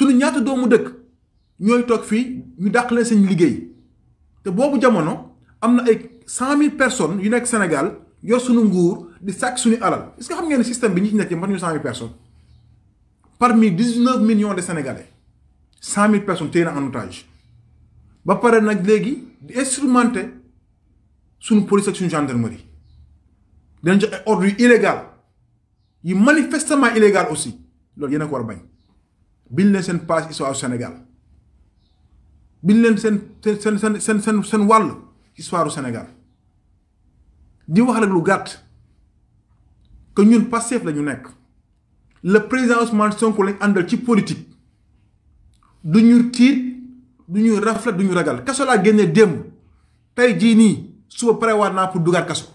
suñu ñaata doomu dëkk ñooy toog fii ñu seen liggéey te boobu jamono am ay cent personnes yu nekk Sénégal suñu nguur di suñu est-ce que xam ngeen ne système bi ñi ci nekk ñu personnes parmi 19 millions de Sénégalais cent personnes sont en otage ba pare nag léegi di suñu police ak suñu gendarmerie dinañ jox ordre illégal manifestement illégal aussi loolu biñ leen seen place histoire Sénégal biñ leen seen seen seen seen seen seen wàll histoire senegal di wax rek lu gàtt que ñun Pastef la ñu nekk le président Ousmane Sonko lañ àndal ci politique du ñu tiit du ñu raflet duñu ragal kaso laa génne démb tey jii nii suba prévoir naa pour dugaat kaso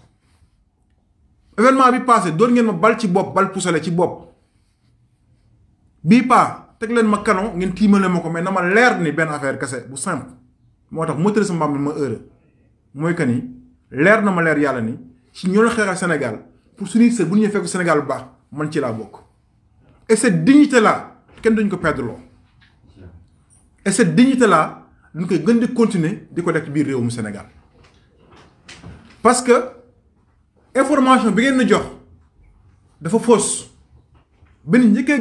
événement bi passé doon ngeen ma bal ci bopp bal pusale ci bopp bii paa teg ma canon ngeen mako mais na leer ni ben affaire heureux bu simple motax Je suis ma heure que ni leer na ni Sénégal pour Je bu ñu fekk Sénégal bu baax man ci la et cette dignité là ken duñ ko perdre et cette dignité là nous koy continuer de def biir Sénégal parce que information bi ngeen jox fausse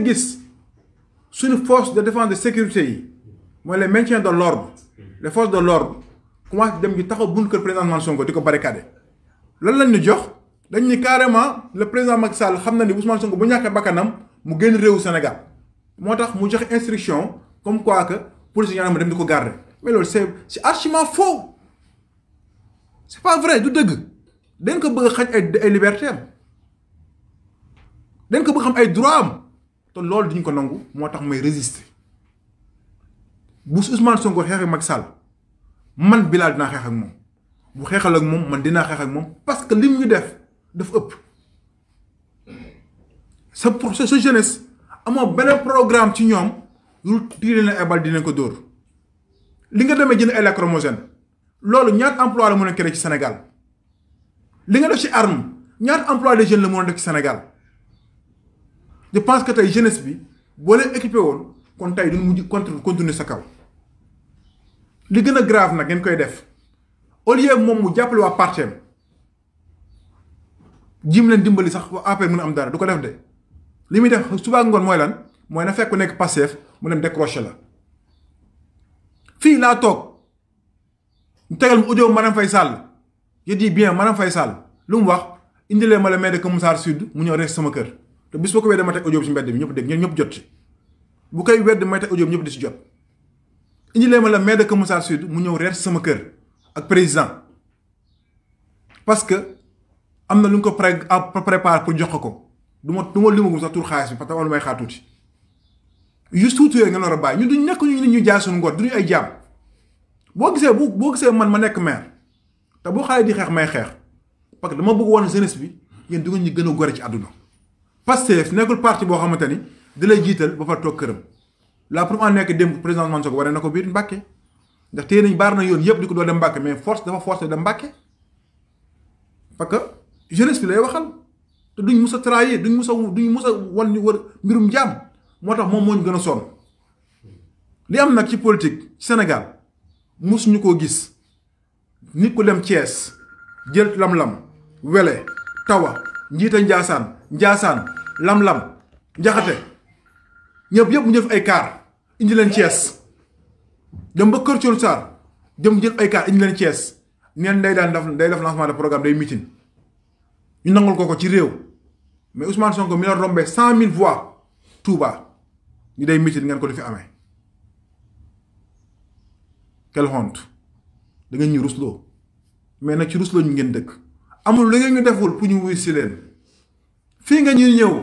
gis suñu force de défense de sécurité moi les le maintien de l'ordre les forces de l'ordre comment dem ñu taxaw bunt président Sonko di ko barricadé Là, lañ ñu jox dañ ni carrément le président Macky Sall xam na ni Ousmane Sonko bu ñàkkee bakkanam mu génn réewu Sénégal Moi, tax mu joxe instruction comme quoi que police yi ma dem di garder mais loolu c'est c'est archiment faux c'est pas vrai du dëgg dañ ko bëgg a ay liberté dès dañ ko bëgg xam ay droit tout loolu duñ ko nangu motax may résister bu Ousmane Sonko ak Macky man Bilal dina ak mom. bu ak mom man dina ak parce que lim ñu def C'est sa pour ce jeunesse programme ci ñom lu na ebal dina ko li nga loolu emploi la a créer ci Sénégal li nga def ci arme ñaat emploi des jeunes le ci Sénégal je pense que tey jeunesse bi boo leen équipé woon kon tey du mujj continuer continuer sa kaw li gën a grave na ngeen koy def au lieu moom mu jàppale waa parteem jim leen dimbali sax waa APR mën am dara du ko def de li muy def suba ngoon mooy lan mooy na fekk ku nekk Pastef mu dem décroché la fii laa toog ñu tegal mu audio Marème Faye Sall je dis bien Marème Faye Sall lu mu wax indilee ma le maire ko Keur Sud mu ñëw rek sama kër te bis boo ko weddee ma teg audio bi ci mbedd bi ñëpp dégg ñoom ñëpp jot ci bu koy wedd may teg audio bi ñëpp di si jot indi lee ma la maire de Keur Massar Sud mu ñëw reer sama kër ak président parce que am na lu ñu ko pré prépare pour jox ko du ma du ma limagum sax tur xaalis bi parce que wala may xaar tuuti juste tuuti yooyu nga nar a bàyyi ñun duñ nekk ñu nit ñu jaay suñu ngor duñu ay jaam boo gisee bu boo gisee man ma nekk maire te boo xaale di xeex may xeex parce que dama bëgg woon jeunesse bi yéen du ñu gën a gore ci àdduna Pastef nekkul parti boo xamante ni di lay jiital ba fa toog këram la pour en nekk démb président Mansour waree na ko biir Mbàkke ndax téye nañ baar na yoon yëpp di ko doo dem Mbàkke mais force dafa force dem Mbàkke parce que jeunesse bi lay waxal te duñ mus a trahir duñ mus a duñ mus a wan ñu wër mbirum jaam moo tax moom moo gën a sonn li am nag ci politique senegal mus ñu koo gis nit ku dem cees jël lam-lam wele tawa njiita Njaasaan Ndiassane Lam-Lam Njaxate ñëpp yëpp mu jëf ay kaar indi leen Thiès dem ba Kër Thion Sarr dem jël ay kaar indi leen cees neen day daan def day def lancement de programme day meeting ñu nangul ko ko ci réew mais Ousmane Sonko mi la rombee cent mille voix Touba ñu day meeting ngeen ko di fi amee. kel xont da ngeen ñu rusloo mais nag ci rusloo ñu ngeen dëkk amul lu ngeen ñu deful pour ñu wuy si leen. fii nga ñuy ñëw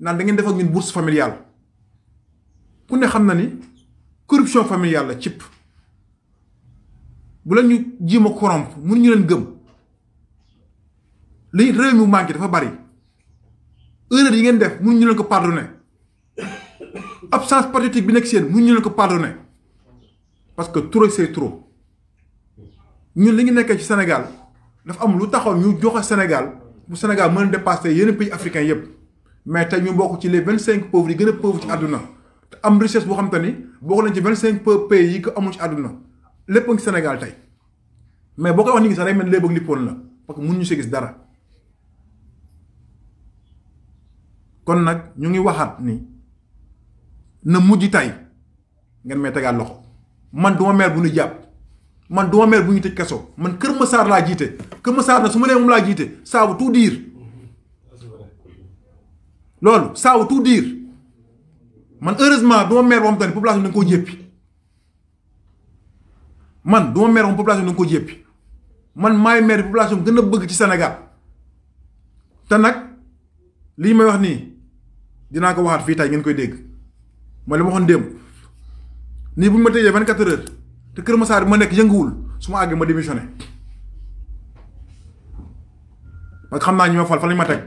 naan da ngeen def ak ñun bourse familiale ku ne xam na ni corruption familiale la cib bu la ñu jiima mu mun ñu leen gëm li réew mi manqué dafa bari erreur yi ngeen def mun ñu leen ko pardonner absence patriotique bi nekk seen mun ñu leen ko pardonner parce que trop c'est trop ñun li ngi nekkee ci senegal dafa am lu taxoon ñu joxe Sénégal bu Sénégal mën a dépasser yeneen pays africains yëpp mais tey ñu bokk ci les vingt cinq pauvres yi gën a pauvre ci àdduna te am richesse boo xam te ni bokk nañ ci vingt cinq pays yi ko amul ci àdduna lépp ngi Sénégal tey mais boo koy wax ni ngi sax day mel léeb ak lippoon la parce que ñu si gis dara kon nag ñu ngi waxaat ni na mujj tey ngeen may tegaat loxo man du ma meer bu ñu jàpp man duma meer bu ñu tëj kaso man Kër saar laa jiite Kër Massar na su ma nee moom laa jiite saabu veut tout dire loolu ça veut tout man heureusement duma meer boo xam te ne population da nga koo jéppi man duma meer moom population da nga koo man maay meer population gën a bëgg ci senegal te nag lii may wax nii dinaa ko waxaat fii tay ngeen koy dégg ma li ma waxoon démb nii bu ma tëjee vingt-quatre heures te keur Massar bi ma nek yënguwul suma agge ma démissioné ba xamna xam naa ma fal fa lañ ma tek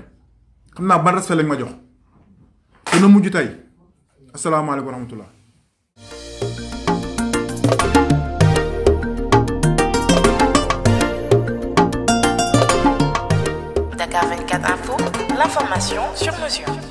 xamna ban respect lañ ma jox te na mujj tey asalaamaaleykum wa rahmatullah Dakar 24 Info, l'information sur mesure.